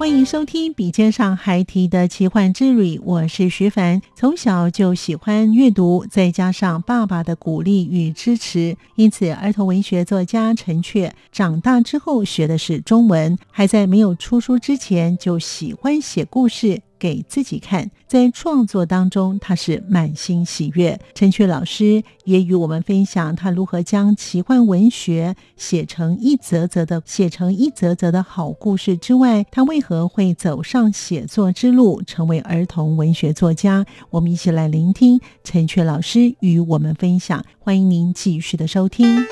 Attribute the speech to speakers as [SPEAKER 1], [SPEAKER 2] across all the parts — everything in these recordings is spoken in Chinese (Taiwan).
[SPEAKER 1] 歡迎收聽《比肩上孩提的奇幻之旅》，我是徐凡。從小就喜歡閱讀，再加上爸爸的鼓勵與支持，因此兒童文學作家陳碏長大之後學的是中文，還在沒有出書之前就喜歡寫故事。給自己看，在創作當中，他是滿心喜悅。陳碏老師也與我們分享他如何將奇幻文學寫成一則則的，寫成一則則的好故事之外，他為何會走上寫作之路，成為兒童文學作家？我們一起來聆聽陳碏老師與我們分享。歡迎您繼續的收聽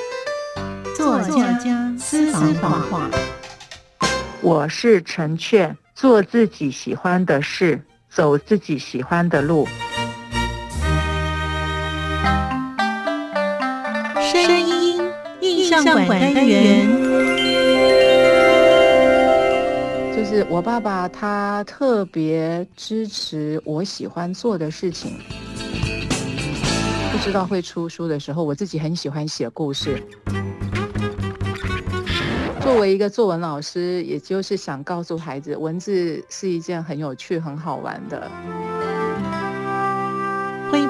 [SPEAKER 1] 作家私房話，
[SPEAKER 2] 我是陳碏。做自己喜歡的事，走自己喜歡的路。
[SPEAKER 1] 聲音印象館
[SPEAKER 2] 單元，就是我爸爸他特別支持我喜歡做的事情。不知道會出書的時候，我自己很喜歡寫故事。作為一個作文老師，也就是想告訴孩子，文字是一件很有趣，很好玩的。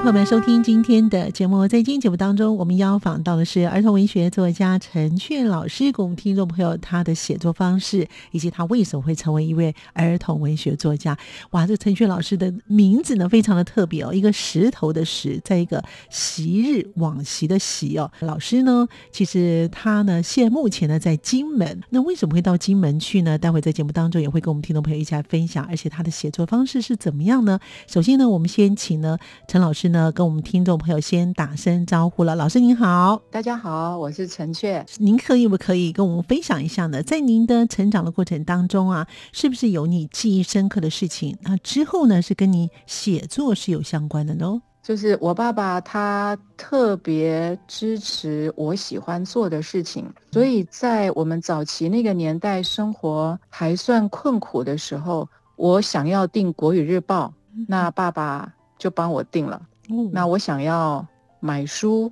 [SPEAKER 1] 朋友們收聽今天的節目，在今天節目當中，我們邀訪到的是兒童文學作家陳碏老師，給我們聽眾朋友他的寫作方式，以及他為什麼會成為一位兒童文學作家。哇，這陳碏老師的名字呢，非常的特別哦，一個石頭的石，在一個昔日往昔的昔哦。老師呢，其實他呢，現目前呢在金門，那為什麼會到金門去呢？待會在節目當中也會跟我們聽眾朋友一起來分享。而且他的寫作方式是怎麼樣呢？首先呢，我們先請呢陳老師。那跟我們聽眾朋友先打聲招呼了，老師您好，大家好，我是陳碏。您可以不可以跟我們分享一下呢？在您的成長的過程當中啊，是不是有你記憶深刻的事情？那之後呢，是跟你寫作是有相關的呢？
[SPEAKER 2] 就是我爸爸他特別支持我喜歡做的事情，所以在我們早期那個年代生活還算困苦的時候，我想要訂《國語日報》，那爸爸就幫我訂了。嗯。那我想要買書，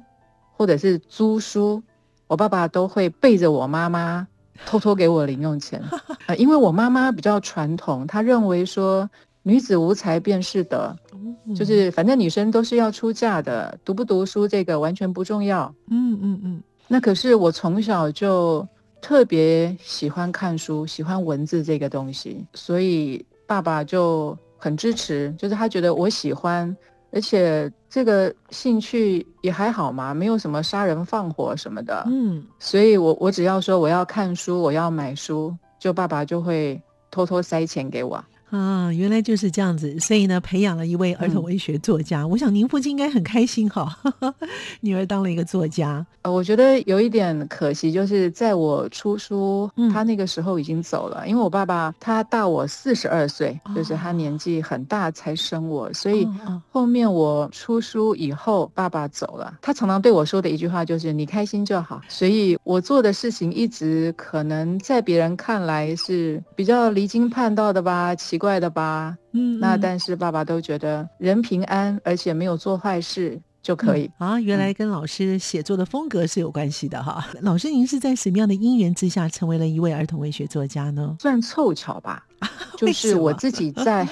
[SPEAKER 2] 或者是租書，我爸爸都會背着我媽媽偷偷給我零用錢。呃，因為我媽媽比較傳統，她認為說女子無才便是德，就是反正女生都是要出嫁的，讀不讀書這個完全不重要。嗯嗯
[SPEAKER 1] 嗯。
[SPEAKER 2] 那可是我從小就特別喜歡看書，喜歡文字這個東西，所以爸爸就很支持，就是他覺得我喜歡。而且這個興趣也還好嘛，沒有什麼殺人放火什麼的。嗯，所以我我只要說我要看書，我要買書，就爸爸就會偷偷塞錢給我。
[SPEAKER 1] 啊，原來就是這樣子，所以呢，培養了一位兒童文學作家。嗯、我想您父親應該很開心哈，女兒當了一個作家。
[SPEAKER 2] 呃，我覺得有一點可惜，就是在我出書，他那個時候已經走了。嗯、因為我爸爸他大我四十二歲、哦，就是他年紀很大才生我，所以後面我出書以後、哦，爸爸走了、哦。他常常對我說的一句話就是“你開心就好”。所以我做的事情一直可能在別人看來是比較離經叛道的吧。奇怪的吧，嗯，那但是爸爸都覺得人平安，而且沒有做壞事就可以，嗯。啊，原來
[SPEAKER 1] 跟老師寫作的風格是有關係的哈，嗯。老師，您是在什麼樣的因緣之下成為了一位兒童文學作家呢？算湊巧吧。
[SPEAKER 2] 就是我自己在，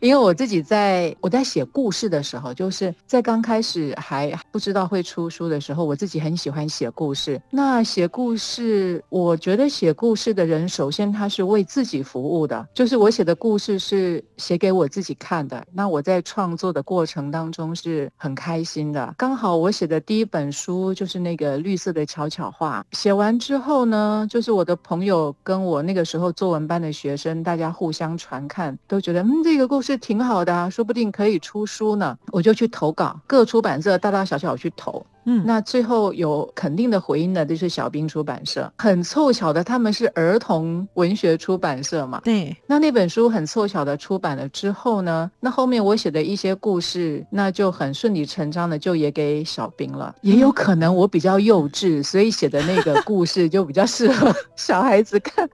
[SPEAKER 2] 因為我自己在我在寫故事的時候，就是在剛開始還不知道會出書的時候，我自己很喜歡寫故事。那寫故事，我覺得寫故事的人，首先他是為自己服務的，就是我寫的故事是寫給我自己看的。那我在創作的過程當中是很開心的。剛好我寫的第一本書就是那個綠色的悄悄話。寫完之後呢，就是我的朋友跟我那個時候作文班的學生。大家互相傳看，都覺得嗯，這個故事挺好的啊，說不定可以出書呢。我就去投稿，各出版社大大小小我去投。嗯，那最後有肯定的回應的，就是小兵出版社。很湊巧的，他們是兒童文學出版社嘛。對。那那本書很湊巧的出版了之後呢，那後面我寫的一些故事，那就很順理成章的就也給小兵了。也有可能我比較幼稚，所以寫的那個故事就比較適合小
[SPEAKER 1] 孩子看。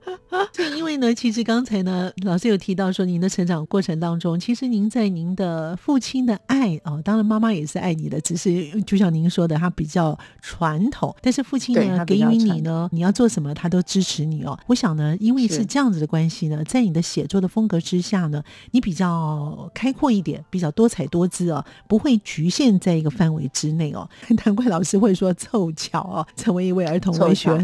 [SPEAKER 1] 對， 因為呢，其實剛才呢，老師有提到說，您的成長過程當中，其實您在您的父親的愛哦，當然媽媽也是愛你的，只是就像您說的。他比較傳統，但是父親呢給予你呢，你要做什麼他都支持你哦。我想呢，因為是這樣子的關係呢，在你的寫作的風格之下呢，你比較開闊一點，比較多彩多姿哦，不會局限在一個範圍之內哦。難怪老師會說湊巧哦，成為一位兒童文學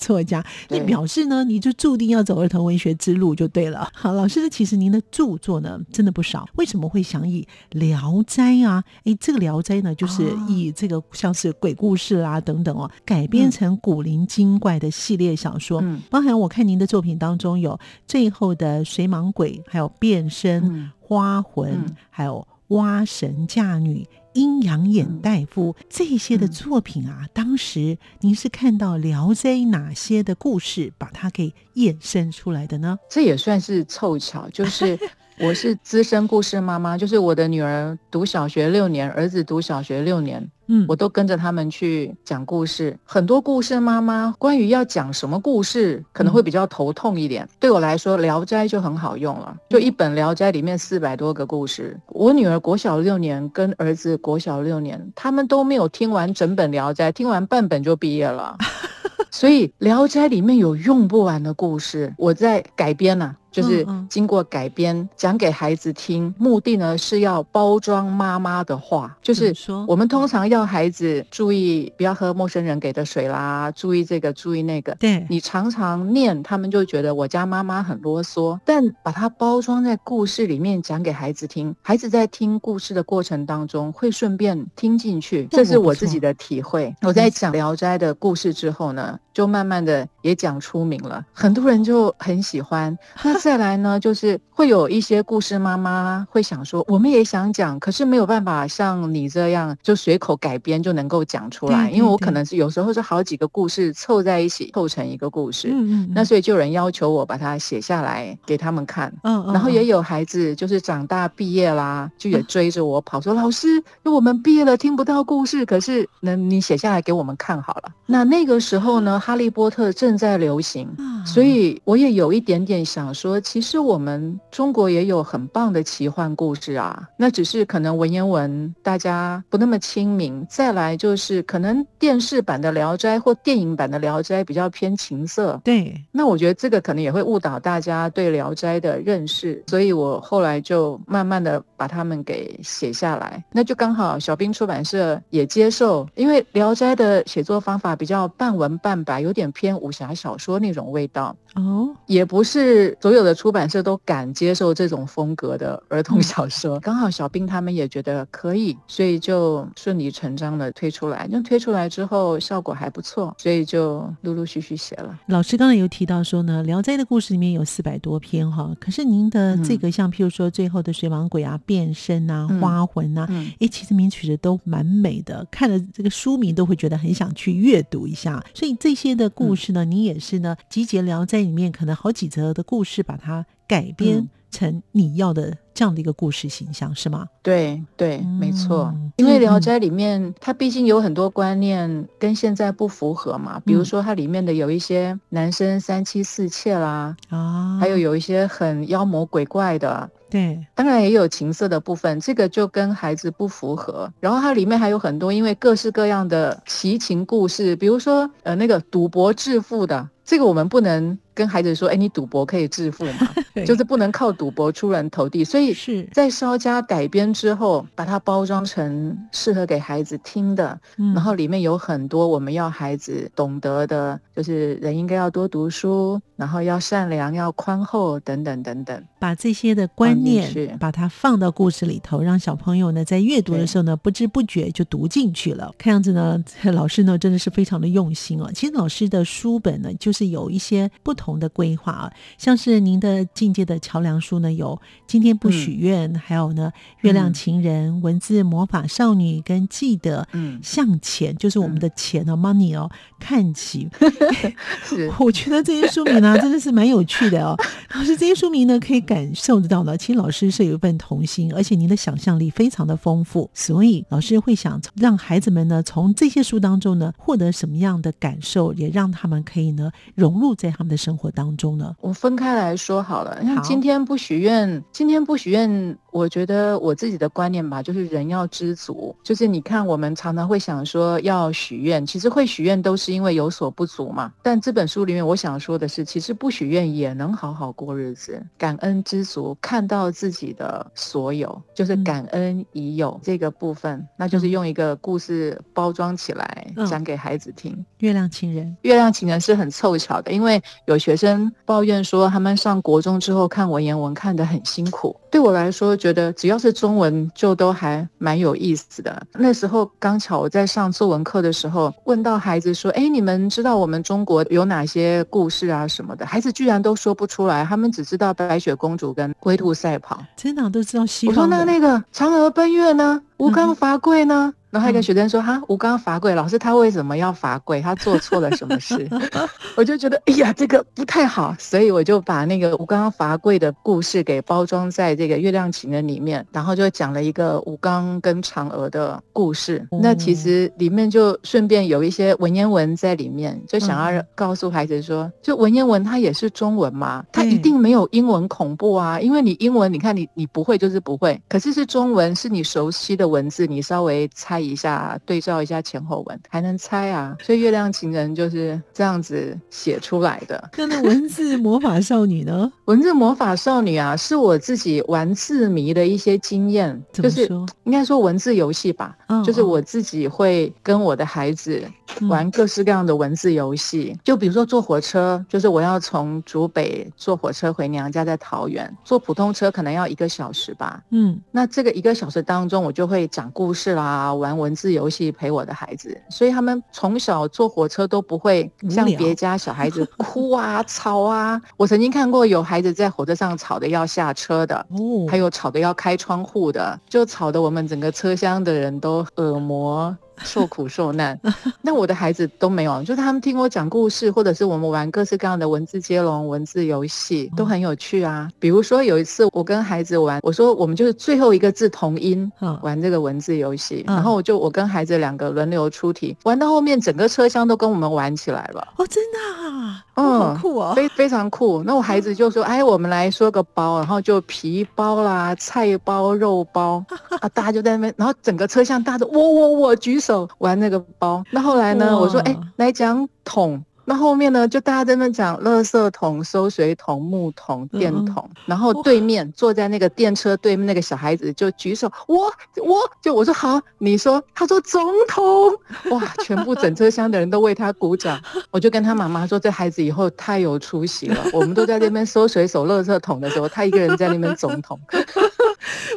[SPEAKER 1] 作家，那表示呢，你就注定要走兒童文學之路就對了。好，老師其實您的著作呢真的不少，為什麼會想以《聊齋》啊？哎，這個《聊齋》呢，就是以這個像。是鬼故事啦、啊，等等哦，改編成古靈精怪的系列小說，嗯，包含我看您的作品當中有最後的水莽鬼，還有變身、嗯、花魂，嗯、還有蛙神嫁女、陰陽、嗯、眼大夫這些的作品啊、嗯。當時您是看到聊齋哪些的故事把它給衍生出來的呢？
[SPEAKER 2] 這也算是湊巧，就是。 我是資深故事媽媽，就是我的女兒讀小學六年，兒子讀小學六年，嗯，我都跟着他們去講故事。很多故事媽媽關於要講什麼故事，可能會比較頭痛一點。嗯、對我來說，《聊齋》就很好用了，就一本《聊齋》裡面四百多個故事。我女兒國小六年，跟兒子國小六年，他們都沒有聽完整本《聊齋》，聽完半本就畢業了。 所以《聊齋》裡面有用不完的故事，我在改編呢、啊。就是經過改編講、嗯嗯、給孩子聽，目的呢是要包裝媽媽的話、嗯。就是我們通常要孩子注意不要喝陌生人給的水啦，注意這個，注意那個。對。你常常念，他們就覺得我家媽媽很囉嗦。但把它包裝在故事裡面講給孩子聽，孩子在聽故事的過程當中會順便聽進去、嗯。這是我自己的體會。嗯、我在講《聊齋》的故事之後呢。就慢慢的也講出名了，很多人就很喜歡。那再來呢，就是會有一些故事媽媽會想說，我們也想講，可是沒有辦法像你這樣就隨口改編就能夠講出來，對對對。因為我可能是有時候是好幾個故事湊在一起，湊成一個故事，嗯嗯，那所以就有人要求我把它寫下來給他們看。嗯，嗯，然後也有孩子就是長大畢業啦，就也追着我跑說，嗯：“老師，那我們畢業了聽不到故事，可是能你寫下來給我們看好了。”那那個時候呢，嗯哈利波特正在流行，所以我也有一點點想說，其實我們中國也有很棒的奇幻故事啊。那只是可能文言文大家不那麼親民，再來就是可能電視版的《聊齋》或電影版的《聊齋》比較偏情色。對，那我覺得這個可能也會誤導大家對《聊齋》的認識。所以我後來就慢慢的把它們給寫下來，那就剛好小兵出版社也接受，因為《聊齋》的寫作方法比較半文半白。有點偏武俠小說那種味道哦，也不是所有的出版社都敢接受這種風格的兒童小說。嗯、剛好小兵他們也覺得可以，所以就順理成章的推出來。那推出來之後效果還不錯，所以就陸陸續續，續寫了。
[SPEAKER 1] 老師剛才有提到說呢，《聊齋》的故事裡面有四百多篇哈，可是您的這個、嗯、像，譬如說最後的水莽鬼啊、變身啊、嗯、花魂啊，哎、嗯欸，其實名曲子都蠻美的，看了這個書名都會覺得很想去閱讀一下。所以這些。的故事呢？你也是呢？嗯、集結聊齋裡面，可能好幾則的故事，把它改編成你要的這樣的一個故事形象，嗯、是嗎？對對，嗯、沒錯。
[SPEAKER 2] 因為聊齋裡面，它畢竟有很多觀念跟現在不符合嘛，比如說它裡面的有一些男生三妻四妾啦，啊、嗯，還有有一些很妖魔鬼怪的。對，當然也有情色的部分，這個就跟孩子不符合。然後它裡面還有很多，因為各式各樣的奇情故事，比如說呃那個賭博致富的，這個我們不能跟孩子說，哎，你賭博可以致富嘛？ 就是不能靠賭博出人頭地。所以是在稍加改編之後，把它包裝成適合給孩子聽的。然後裡面有很多我們要孩子懂得的，就是人應該要多讀書，然後要善良，要寬厚，等等等等。
[SPEAKER 1] 把這些的觀念，把它放到故事裡頭，嗯、讓小朋友呢在閱讀的時候呢，不知不覺就讀進去了。看樣子呢，老師呢真的是非常的用心哦。其實老師的書本呢，就是有一些不同的規劃啊、哦，像是您的進階的橋梁書呢，有《今天不許願》，嗯、還有呢、嗯《月亮情人》《文字魔法少女》跟《記得、嗯、向前》，就是我們的錢哦，Money、嗯、哦，看齊。 我覺得這些書名呢，真的是蠻有趣的哦。 老師，這些書名呢，可以改。感受得到了，其實老師是有一份童心，而且您的想象力非常的豐富，所以老師會想讓孩子們呢，從這些書當中呢，獲得什麼樣的感受，也讓他們可以呢，融入在他們的生活當中呢？
[SPEAKER 2] 我分開來說好了，那《今天不許願》，今天不許願。我覺得我自己的觀念吧，就是人要知足。就是你看，我們常常會想說要許願，其實會許願都是因為有所不足嘛。但這本書裡面，我想說的是，其實不許願也能好好過日子，感恩知足，看到自己的所有，就是感恩已有這個部分，嗯，那就是用一個故事包裝起來講給孩子聽，
[SPEAKER 1] 嗯。月亮情人，
[SPEAKER 2] 月亮情人是很湊巧的，因為有學生抱怨說，他們上國中之後看文言文看得很辛苦。對我來說，覺得只要是中文就都還蠻有意思的。那時候剛巧我在上作文課的時候，問到孩子說：“哎、欸，你們知道我們中國有哪些故事啊什麼的？”孩子居然都說不出來，他們只知道白雪公主跟龜兔賽跑，
[SPEAKER 1] 真的、啊、都知道
[SPEAKER 2] 西遊。我說：“那那個嫦娥奔月呢？”吳剛伐桂呢、嗯，然後還跟個學生說：“哈，吳剛伐桂，老師他為什麼要伐桂？他做錯了什麼事？” 我就覺得，哎呀，這個不太好，所以我就把那個吳剛伐桂的故事給包裝在這個月亮琴的裡面，然後就講了一個吳剛跟嫦娥的故事。嗯、那其實裡面就順便有一些文言文在裡面，就想要告訴孩子說，就文言文它也是中文嘛，它一定沒有英文恐怖啊，嗯、因為你英文你看你你不會就是不會，可是是中文是你熟悉的。文字，你稍微猜一下，對照一下前後文，還能猜啊？所以《月亮情人》就是這樣子寫出來的。那文字魔法少女呢？ 文字魔法少女啊，是我自己玩字謎的一些經驗，就是應該說文字遊戲吧。Oh, 就是我自己會跟我的孩子玩各式各樣的文字遊戲。嗯。就比如說坐火車，就是我要從竹北坐火車回娘家，在桃園坐普通車可能要一個小時吧。嗯，那這個一個小時當中，我就會。會講故事啦、啊，玩文字遊戲陪我的孩子，所以他們從小坐火車都不會像別家小孩子哭啊、 吵啊。我曾經看過有孩子在火車上吵得要下車的，還有吵得要開窗戶的，就吵得我們整個車廂的人都耳膜，受苦受難，那 我的孩子都沒有，就他們聽我講故事，或者是我們玩各式各樣的文字接龍、文字遊戲，都很有趣啊。哦、比如說有一次，我跟孩子玩，我說我們就是最後一個字同音，嗯、玩這個文字遊戲，嗯、然後我就我跟孩子兩個輪流出題，玩到後面整個車廂都跟我們玩起來了。哦，真的
[SPEAKER 1] 啊。嗯，哦酷哦，非
[SPEAKER 2] 非常酷。那我孩子就說、嗯：“哎，我們來說個包，然後就皮包啦、菜包、肉包啊，大家就在那邊，然後整個車廂，大家喔喔喔舉手玩那個包。那後來呢，我說：哎，來講桶。”那後面呢？就大家在那講，垃圾桶、收水桶、木桶、電桶，嗯、然後對面坐在那個電車對面那個小孩子就舉手，我我就我說好，你說，他說總統哇，全部整車廂的人都為他鼓掌。 我就跟他媽媽說，這孩子以後太有出息了。我們都在那邊收水手、垃圾桶的時候，他一個人在那邊總統。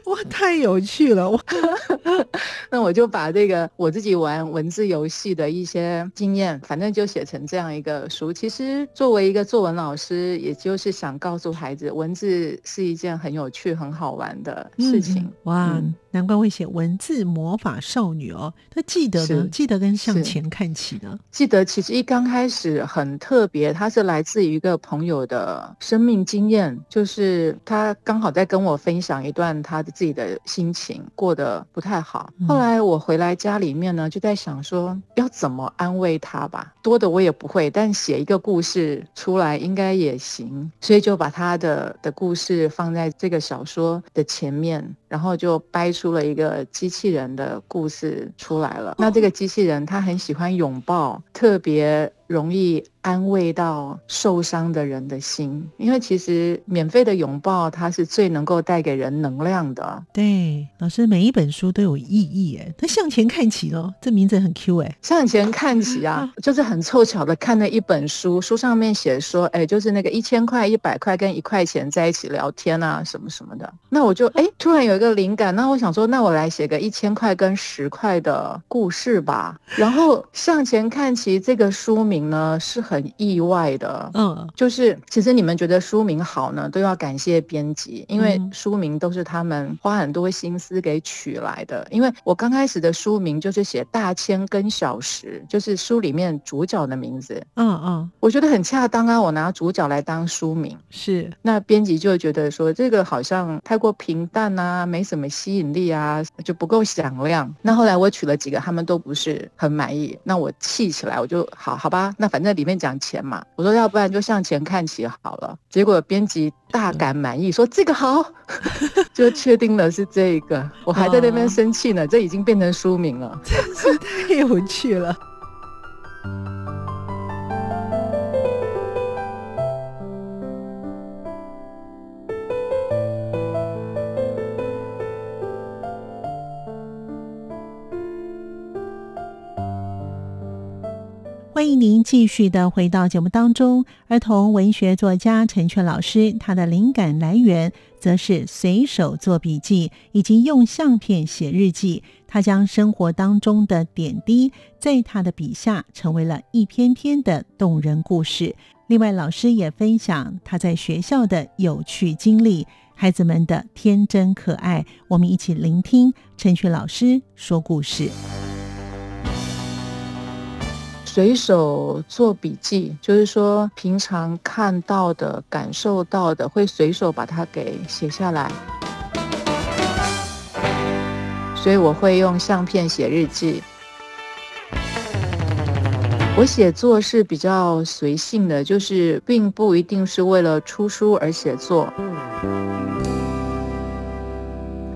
[SPEAKER 2] 哇， 太有趣了，我 那我就把這個我自己玩文字遊戲的一些經驗，反正就寫成這樣一個書。其實作為一個作文老師，也就是想告訴孩子，文字是一件很有趣、很好玩的
[SPEAKER 1] 事情。嗯、哇、嗯，難怪會寫《文字魔法少女》哦，他記得的，記得跟向前看齊的，
[SPEAKER 2] 記得。其實一剛開始很特別，他是來自於一個朋友的生命經驗，就是他剛好在跟我分享一段。他的自己的心情過得不太好，後來我回來家裡面呢，就在想說要怎麼安慰他吧，多的我也不會，但寫一個故事出來應該也行，所以就把他的的故事放在這個小說的前面。然後就掰出了一個機器人的故事出來了。哦。那這個機器人他很喜歡擁抱，特別容易安慰到受傷的人的心，因為其實免費的擁抱，它是最能夠帶給人能量的。
[SPEAKER 1] 對，老師每一本書都有意義哎。那向前看齊嘍，這名字很 Q 哎。
[SPEAKER 2] 向前看齊啊， 就是很湊巧的看了一本書，書上面寫說，哎，就是那個一千塊、一百塊跟一塊錢在一起聊天啊，什麼什麼的。那我就哎，突然有一，一個靈感，那我想說，那我來寫個一千塊跟十塊的故事吧。然後向前看，其實這個書名呢是很意外的，
[SPEAKER 1] 嗯，
[SPEAKER 2] 就是其實你們覺得書名好呢，都要感謝編輯，因為書名都是他們花很多心思給取來的。因為我剛開始的書名就是寫大千跟小十，就是書裡面主角的名字，
[SPEAKER 1] 嗯
[SPEAKER 2] 嗯，我覺得很恰當啊。我拿主角來當書名，是那編輯就覺得說這個好像太過平淡啊，沒什麼吸引力啊，就不夠響亮。那後來我取了幾個，他們都不是很滿意。那我氣起來，我就好，好吧。那反正裡面講錢嘛，我說要不然就向前看齊好了。結果編輯大感滿意，說這個好， 就確定了是這個。 我還在那邊生氣呢、啊，這已經變成書名了，這太有趣了。
[SPEAKER 1] 歡迎您繼續的回到節目當中。兒童文學作家陳碏老師，他的靈感來源則是隨手做筆記，以及用相片寫日記。他將生活當中的點滴，在他的筆下成為了一篇篇的動人故事。另外，老師也分享他在學校的有趣經歷，孩子們的天真可愛。我們一起聆聽陳碏老師說故事。
[SPEAKER 2] 隨手做筆記，就是說平常看到的感受到的，會隨手把它給寫下來。所以我會用相片寫日記。我寫作是比較隨性的，就是並不一定是為了出書而寫作。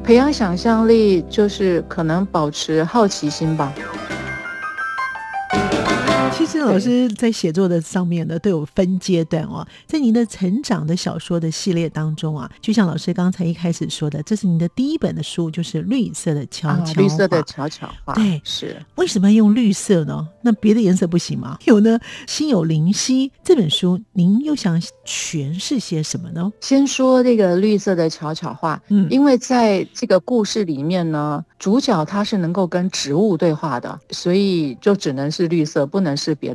[SPEAKER 2] 培養想象力，就是可能保持好奇心吧。
[SPEAKER 1] 像老師在寫作的上面呢，都有分階段哦。在您的成長的小說的系列當中啊，就像老師剛才一開始說的，這是您的第一本的書，就是《綠色的悄悄》啊。綠色的
[SPEAKER 2] 悄悄話，對，
[SPEAKER 1] 是。為什麼要用綠色呢？那別的顏色不行嗎？有呢，《心有靈犀》這本書，您又想詮釋些什麼呢？
[SPEAKER 2] 先說這個綠色的悄悄話，嗯，因為在這個故事裡面呢，主角他是能夠跟植物對話的，所以就只能是綠色，不能是別。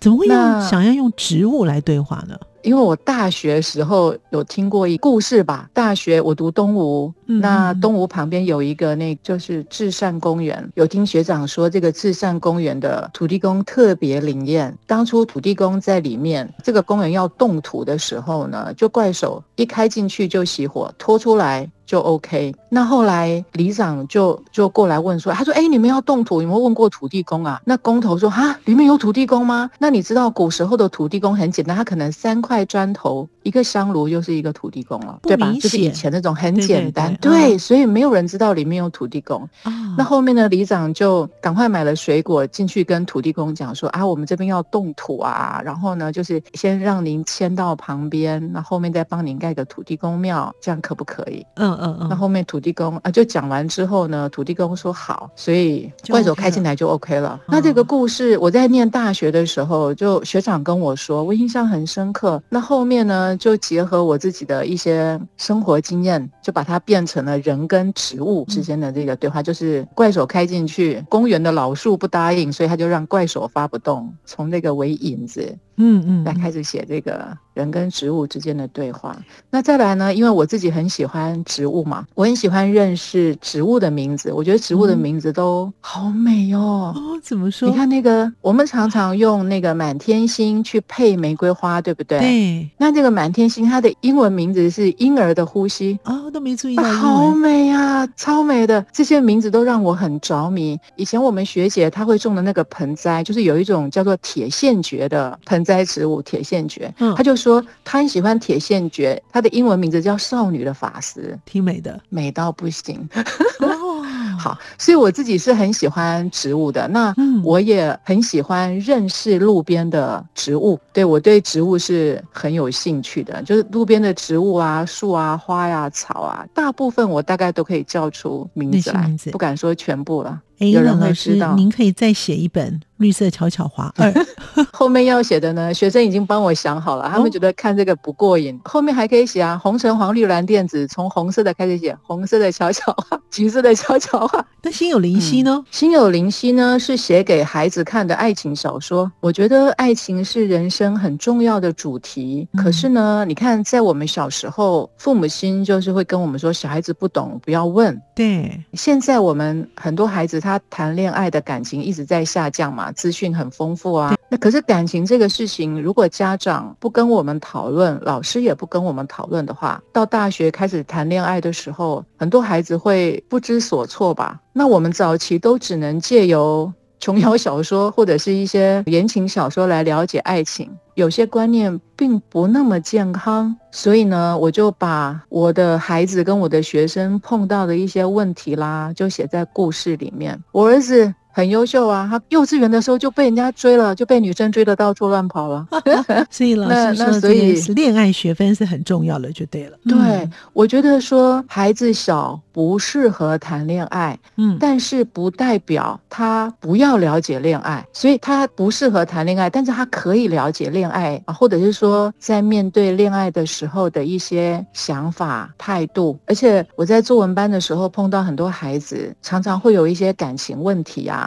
[SPEAKER 2] 怎麼會有想
[SPEAKER 1] 要用植物來對話呢？
[SPEAKER 2] 因為我大學時候有聽過一故事吧，大學我讀東吳、嗯嗯，那東吳旁邊有一個那個就是至善公園，有聽學長說這個至善公園的土地公特別靈驗。當初土地公在裡面，這個公園要動土的時候呢，就怪手一開進去就熄火，拖出來就 OK。那後來里長就就過來問說，他說哎、欸，你們要動土，你們有沒有問過土地公啊？那工頭說哈，裡面有土地公嗎？那你知道古時候的土地公很簡單，他可能三塊。蓋磚頭，一個香爐就是一個土地公了，對吧？就是以前那種很簡單，對，對，對，對、嗯，所以沒有人知道裡面有土地公。嗯、那後面呢，里長就趕快買了水果進去跟土地公講說：“啊，我們這邊要動土啊，然後呢，就是先讓您遷到旁邊，那後，後面再幫您蓋個土地公廟，這樣可不可以？”嗯嗯
[SPEAKER 1] 嗯。那後
[SPEAKER 2] 面土地公啊，就講完之後呢，土地公說好，所以怪手、OK、開進來就 OK 了、嗯。那這個故事我在念大學的時候，就學長跟我說，我印象很深刻。那後面呢，就結合我自己的一些生活經驗，就把它變成了人跟植物之間的這個對話，就是怪手開進去，公園的老樹不答應，所以他就讓怪手發不動，從那個為引子，嗯嗯，來開始寫這個人跟植物之間的對話。那再來呢？因為我自己很喜歡植物嘛，我很喜歡認識植物的名字。我覺得植物的名字都好美喲、喔。哦，怎麼說？你看那個，我們常常用那個滿天星去配玫瑰花，啊、對不對？對、哎。那這個滿天星，它的英文名字是嬰兒的呼吸。啊、
[SPEAKER 1] 哦，都沒注意到、啊。好
[SPEAKER 2] 美呀、啊，超美的，這些名字都讓我很着迷。以前我們學姐她會種的那個盆栽，就是有一種叫做鐵線蕨的盆栽。栽植物鐵線蕨、嗯，他就說他很喜歡鐵線蕨，他的英文名字叫少女的髮絲，挺美的，美到不行。 好，所以我自己是很喜歡植物的，那我也很喜歡認識路邊的植物。嗯、對我對植物是很有興趣的，就是路邊的植物啊、樹啊、花呀、啊、草啊，大部分我大概都可以叫出名字來，字不敢說全部了。哎，那老師，
[SPEAKER 1] 您可以再寫一本《綠色悄悄話》 對。
[SPEAKER 2] 後面要寫的呢？學生已經幫我想好了，他們覺得看這個不過癮，哦、後面還可以寫啊。紅橙黃綠藍靛紫，從紅色的開始寫，紅色的悄悄話，橘色的悄悄話。那《心有靈犀》呢？嗯《心有靈犀》呢是寫給孩子看的愛情小說。我覺得愛情是人生很重要的主題。嗯、可是呢，你看，在我們小時候、嗯，父母親就是會跟我們說，小孩子不懂，不要問。對，現在我們很多孩子他。他談戀愛的感情一直在下降嘛，資訊很豐富啊。那可是感情這個事情，如果家長不跟我們討論，老師也不跟我們討論的話，到大學開始談戀愛的時候，很多孩子會不知所措吧？那我們早期都只能借由。瓊瑤小說或者是一些言情小說來了解愛情，有些觀念並不那麼健康，所以呢，我就把我的孩子跟我的學生碰到的一些問題啦，就寫在故事裡面。我兒子。很優秀啊！他幼稚園的時候就被人家追了，就被女生追得到處亂跑了。 那那所以老師說，所以戀
[SPEAKER 1] 愛學分是很重要的，就對了。對，
[SPEAKER 2] 我覺得說孩子小不適合談戀愛，嗯，但是不代表他不要了解戀愛，所以他不適合談戀愛，但是他可以了解戀愛啊，或者是說在面對戀愛的時候的一些想法、態度。而且我在作文班的時候碰到很多孩子，常常會有一些感情問題啊。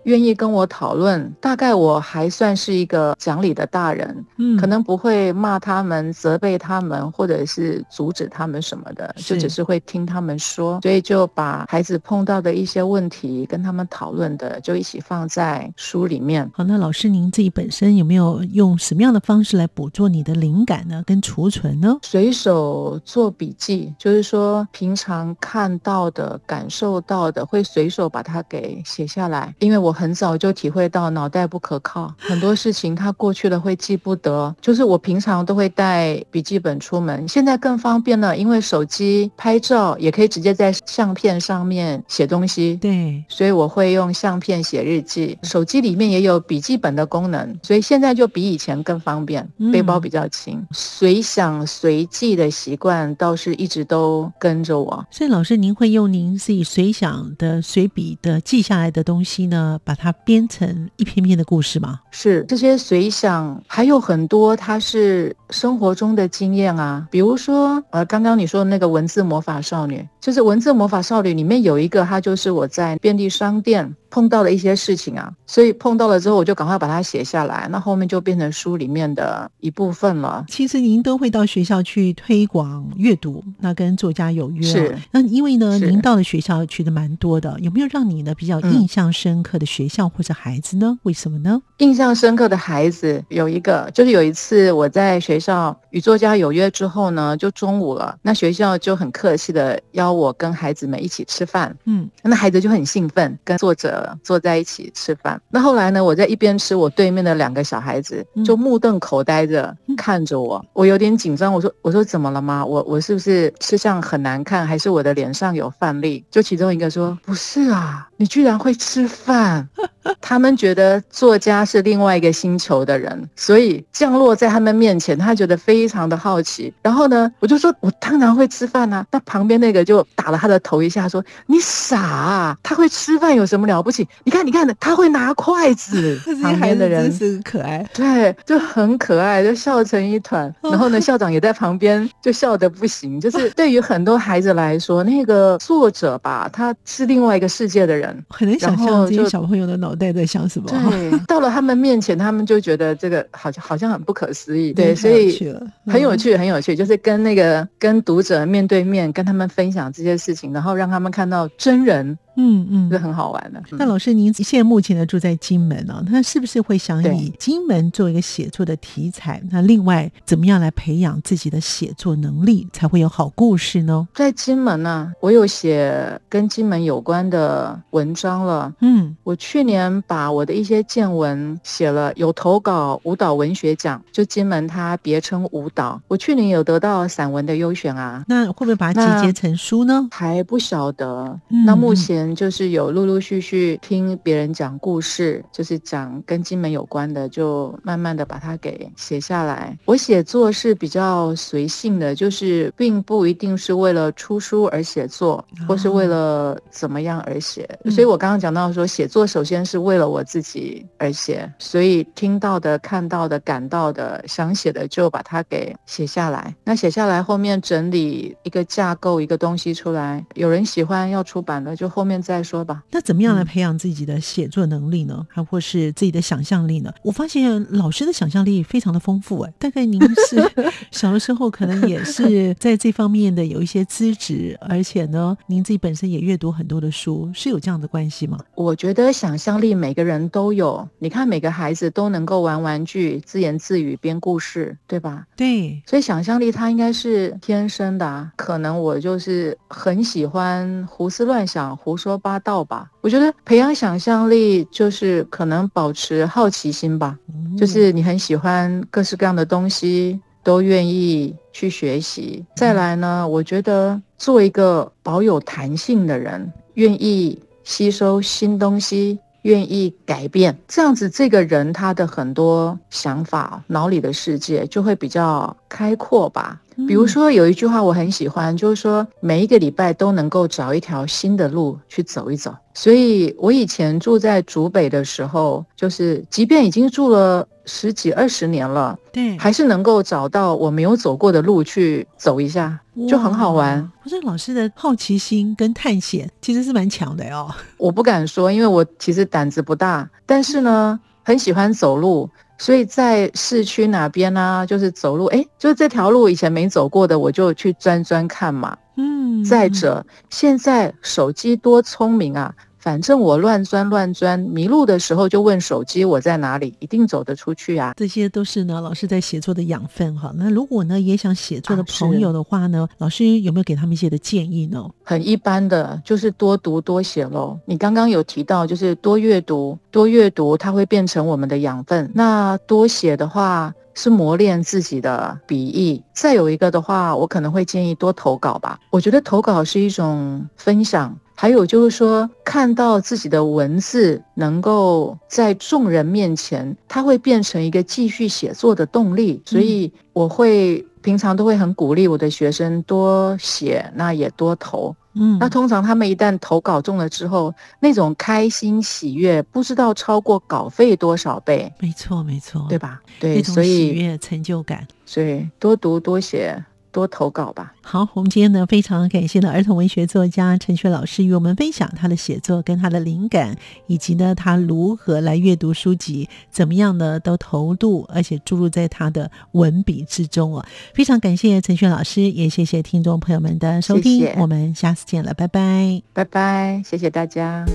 [SPEAKER 2] 願意跟我討論，大概我還算是一個講理的大人，嗯，可能不會罵他們、責備他們，或者是阻止他們什麼的，就只是會聽他們說。所以就把孩子碰到的一些問題跟他們討論的，就一起放
[SPEAKER 1] 在書裡面。好，那老師您自己本身有沒有用什麼樣的方式來捕捉你的靈感呢？跟儲存呢？
[SPEAKER 2] 隨手做筆記，就是說平常看到的、感受到的，會隨手把它給寫下來，因為我。很早就體會到腦袋不可靠，很多事情他過去了會記不得。 就是我平常都會帶筆記本出門，現在更方便了，因為手機拍照也可以直接在相片上面寫東西。對，所以我會用相片寫日記。手機裡面也有筆記本的功能，所以現在就比以前更方便。背包比較輕，嗯、隨想隨記的習慣倒是一直都跟着我。
[SPEAKER 1] 所以老師，您會用您自己隨想的、隨筆的記下來的東西呢？把它編成一篇篇的故事嗎？
[SPEAKER 2] 是這些隨想，還有很多，它是生活中的經驗啊。比如說，呃，剛剛你說的那個《文字魔法少女》，就是《文字魔法少女》裡面有一個，她就是我在便利商店。碰到了一些事情啊，所以碰到了之後，我就趕快把它寫下來，那後面就變成書裡面的一部分
[SPEAKER 1] 了。其實您都會到學校去推廣閱讀，那跟作家有約啊。是，那因為呢，您到了學校去的蠻多的，有沒有讓你呢比較印象深刻的學校或者孩子呢、嗯？為什麼呢？
[SPEAKER 2] 印象深刻的孩子有一個，就是有一次我在學校與作家有約之後呢，就中午了，那學校就很客氣的邀我跟孩子們一起吃飯。嗯，那孩子就很興奮，跟作者。坐在一起吃飯，那後來呢，我在一邊吃，我對面的兩個小孩子就目瞪口呆地、嗯、看着我，我有點緊張。我說：“我說怎麼了嗎？我我是不是吃相很難看，還是我的臉上有飯粒？”就其中一個說：“不是啊。”你居然會吃飯？ 他們覺得作家是另外一個星球的人，所以降落在他們面前，他覺得非常的好奇。然後呢，我就說：“我當然會吃飯啊！”那旁邊那個就打了他的頭一下，說：“你傻啊，他會吃飯有什麼了不起？你看，你看他會拿筷子。 ”旁邊的人真是可愛，對，就很可愛，就笑成一團。 然後呢，校長也在旁邊就笑得不行。就是對於很多孩子來說，那個作者吧，他是另外一個世界的人。很能想象這些小
[SPEAKER 1] 朋友的腦袋在
[SPEAKER 2] 想什麼。對， 到了他們面前，他們就覺得這個好像好像很不可思議。對，對所以去了，很有趣，嗯，很有趣。就是跟那個跟讀者面對面，跟他們分享這些事情，然後讓他們看到真人，嗯嗯，是很好玩的嗯嗯，嗯。那老
[SPEAKER 1] 師，您現在目前呢住在金門呢，啊？他是不是會想以金門做一個寫作的題材？那另外怎麼樣來培養自己的寫作能力，才會有好故事呢？
[SPEAKER 2] 在金門呢，啊，我有寫跟金門有關的我文章了，嗯，我去年把我的一些見聞寫了，有投稿浯島文學獎，就金門，它別稱浯島。我去年有得到散文的優選啊。那
[SPEAKER 1] 會不會把它集結成書呢？還
[SPEAKER 2] 不曉得、嗯。那目前就是有陸陸續續聽別人講故事，就是講跟金門有關的，就慢慢的把它給寫下來。我寫作是比較隨性的，就是並不一定是為了出書而寫作，或是為了怎麼樣而寫。哦所以，我剛剛講到說，寫作首先是為了我自己而寫，所以聽到的、看到的、感到的、想寫的，就把它給寫下來。那寫下來，後面整理一個架構，一個東西出來，有人喜歡要出版的，就後面再說吧。嗯。
[SPEAKER 1] 那怎麼樣來培養自己的寫作能力呢？還或是自己的想象力呢？我發現老師的想象力非常的豐富哎、欸。大概您是小的時候，可能也是在這方面的有一些資質，而且呢，您自己本身也閱讀很多的書，是有這樣。這樣的關係嗎？
[SPEAKER 2] 我覺得想象力每個人都有。你看，每個孩子都能夠玩玩具、自言自語、編故事，對吧？對。所以想象力它應該是天生的啊。可能我就是很喜歡胡思亂想、胡說八道吧。我覺得培養想象力就是可能保持好奇心吧，嗯，就是你很喜歡各式各樣的東西，都願意去學習。再來呢，嗯，我覺得做一個保有彈性的人，願意。吸收新東西，願意改變，這樣子這個人他的很多想法、腦裡的世界就會比較開闊吧。嗯。比如說有一句話我很喜歡，就是說每一個禮拜都能夠找一條新的路去走一走。所以，我以前住在竹北的時候，就是即便已經住了十幾二十年了，對，還是能夠找到我沒有走過的路去走一下。就很好玩，
[SPEAKER 1] 不是老師的好奇心跟探險，其實是蠻強的、欸、哦。我不敢說，因為我其實膽子不大，
[SPEAKER 2] 但是呢，很喜歡走路，所以在市區哪邊呢、啊，就是走路，誒、欸、就是這條路以前沒走過的，我就去鑽鑽看嘛。嗯，再者，現在手機多聰明啊。反正我亂鑽亂鑽，迷路的時候就問手機我在哪裡，一定走得出去啊！這些都是呢，老師在寫作的養
[SPEAKER 1] 分哈。那如果呢，也想寫作的朋友的話呢、啊，老師有沒有給他們一些的建議呢？
[SPEAKER 2] 很一般的就是多讀多寫嘍。你剛剛有提到就是多閱讀，多閱讀它會變成我們的養分。那多寫的話是磨練自己的筆意。再有一個的話，我可能會建議多投稿吧。我覺得投稿是一種分享。還有就是說，看到自己的文字能夠在眾人面前，它會變成一個繼續寫作的動力。嗯，所以我會，平常都會很鼓勵我的學生多寫，那也多投。嗯，那通常他們一旦投稿中了之後，那種開心喜悅，不知道超過稿費多少倍。
[SPEAKER 1] 沒錯，沒錯，對吧？對，所以喜悅、成就感，所
[SPEAKER 2] 以多讀多寫。多投稿吧。
[SPEAKER 1] 好，我們今天呢，非常感謝呢，兒童文學作家陳碏老師與我們分享他的寫作跟他的靈感，以及呢，他如何來閱讀書籍，怎麼樣呢，都投入而且注入在他的文筆之中啊！非常感謝陳碏老師，也謝謝聽眾朋友們的收聽，謝謝。我們下次見了，拜拜，
[SPEAKER 2] 拜拜，謝謝大家。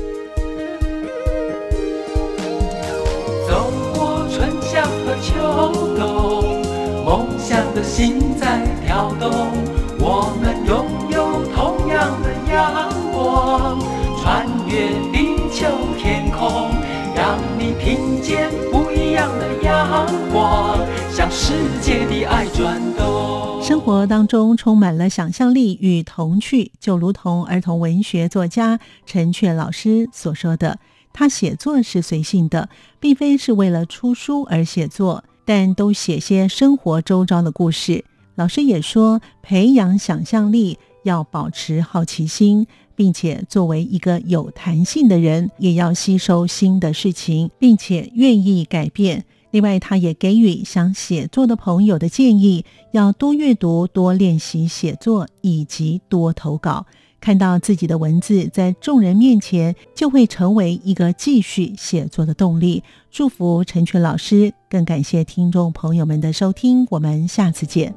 [SPEAKER 2] 走
[SPEAKER 1] 過春夏和秋冬。夢
[SPEAKER 2] 想的心在跳動，我們擁有同樣的陽光，穿越地球天空，讓你聽見不一樣的陽光，向世界的愛
[SPEAKER 1] 轉動。生活當中充滿了想象力與童趣，就如同兒童文學作家陳碏老師所說的，他寫作是隨性的，並非是為了出書而寫作。但都寫些生活周遭的故事。老師也說，培養想象力要保持好奇心，並且作為一個有彈性的人，也要吸收新的事情，並且願意改變。另外，他也給予想寫作的朋友的建議，要多閱讀，多練習寫作，以及多投稿。看到自己的文字在眾人面前，就會成為一個繼續寫作的動力。祝福陳碏老師，更感謝聽眾朋友們的收聽，我們下次見。